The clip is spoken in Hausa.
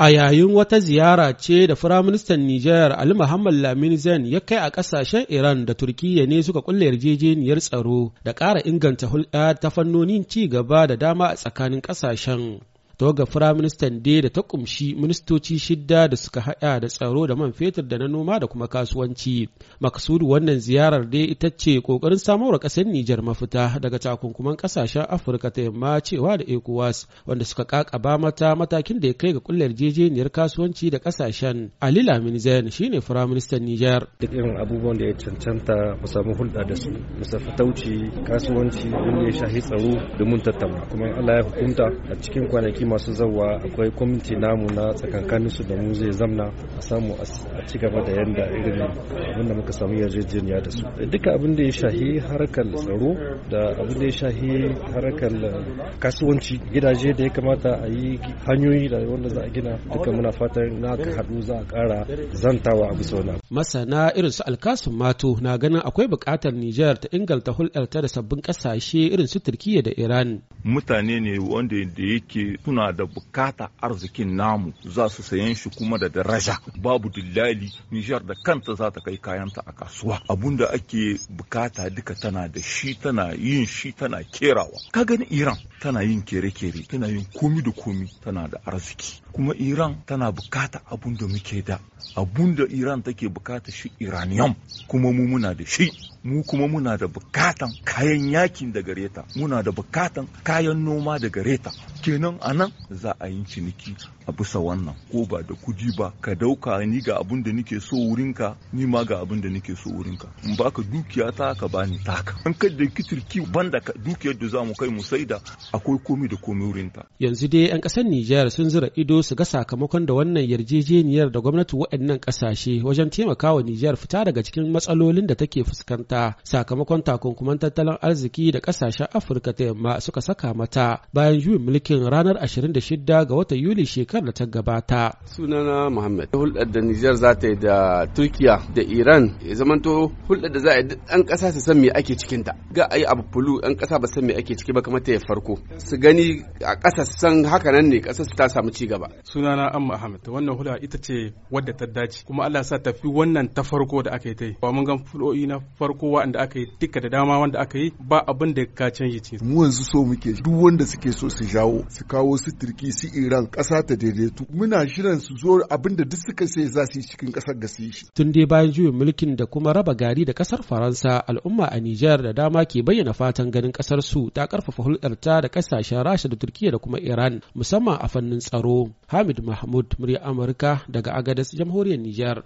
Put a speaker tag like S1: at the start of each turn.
S1: A yayin wata ziyara ce da Firaministan Nijar Ali Muhammad Lamin Zain ya kai a ƙasashen Iran da Turkiyya ne suka kulle yarjejeniyar tsaro da ƙara inganta hulɗa ta fannonin ci gaba da dama a tsakanin ƙasashen. ga firaministan dai da ta kumshi ministoci shidda da suka haɗa da tsaro da man fetur da na noma da kuma kasuwanci maksudu wannan ziyarar dai ita ce ƙoƙarin wa ƙasar nijar mafita daga takunkuman ƙasashen afirka ta yamma cewa da ecowas wanda suka ƙaƙaba mata matakin da ya kai ga kullar jejeniyar kasuwanci da ƙasashen ali lamin zain shine firaministan nijar duk irin abubuwan
S2: da ya cancanta mu samu hulɗa da su mu fatauci kasuwanci wanda ya shahi tsaro mun tattauna kuma allah ya hukunta a cikin kwanaki masu zawa akwai kwamiti namu na tsakankanin su da mu zai zamna a samu a ci gaba da yanda irin abinda muka samu yarjejeniya da su duka abin da ya shahi harkar tsaro da abin da ya shahi harkar kasuwanci gidaje da ya kamata a yi hanyoyi da wanda za a gina duka muna fatan na ka haɗu za a ƙara zantawa a bisa wannan
S1: masana irin su alkasun mato na ganin akwai buƙatar Nijar ta inganta hulɗar ta da sabbin ƙasashe irin su Turkiyya da
S3: Iran mutane ne wanda da yake suna da bukata arzikin namu za su sayan shi kuma da daraja babu dillali nijar da kanta za ta kai kayanta a kasuwa Abun da ake bukata duka tana da shi tana yin shi tana kerawa ka gani iran tana yin kere-kere tana yin komi da komi tana da arziki kuma iran tana bukata abun da muke da abun da iran take bukata shi iraniyan kuma mu muna da shi mu kuma muna da bukatan kayan yakin da gareta muna da bukatan kayan noma da gareta kenan a nan za a yi ciniki a bisa wannan ko ba da kuji ba ka dauka ni ga abin da nike so wurinka ni ma ga abin da nike so wurinka in baka dukiya ta ka bani taka an kadda kitirki banda ka dukiyar da zamu kai mu saida akwai komi da komi wurinta
S1: yanzu dai an kasar Nijar sun zura ido su ga sakamakon da wannan yarjejeniyar da gwamnati waɗannan kasashe wajen taimakawa Nijar fita daga cikin matsalolin da take fuskanta sakamakon takunkuman tattalin arziki da kasashen Afirka ta yamma suka saka mata bayan juyin mulkin ranar 26 ga watan Yuli shekarar kasar da ta gabata. Sunana Muhammad. Hulɗar da Nijar za ta yi da Turkiya da Iran ya zamanto hulɗar da za a yi ɗan ƙasa su san me ake cikin ta. Ga yi abu fulu ɗan ƙasa ba san me ake ciki ba kamar ta yi farko. Su gani a ƙasa su san haka nan ne ƙasar su ta samu ci gaba. Sunana Amma Muhammad. wannan hulɗa ita ce wadda ta dace kuma Allah sa tafi wannan ta farko da aka yi ta yi. Ba mun ga fulo'i na farko wanda aka yi duka da dama wanda aka yi ba abin da ka canji ce. Mu
S3: yanzu so muke duk wanda suke so su jawo su kawo su Turki su Iran ƙasa ta daidaito muna shirin su zo abin duk suka sai za su yi cikin ƙasar ga shi.
S1: Tun dai bayan juyin mulkin da kuma raba gari da kasar Faransa al'umma a Nijar da dama ke bayyana fatan ganin kasar su ta karfafa hulɗarta da kasashen Rasha da turkiya da kuma Iran musamman a fannin tsaro. Hamid Mahmud murya Amurka daga agadas jamhuriyar Nijar.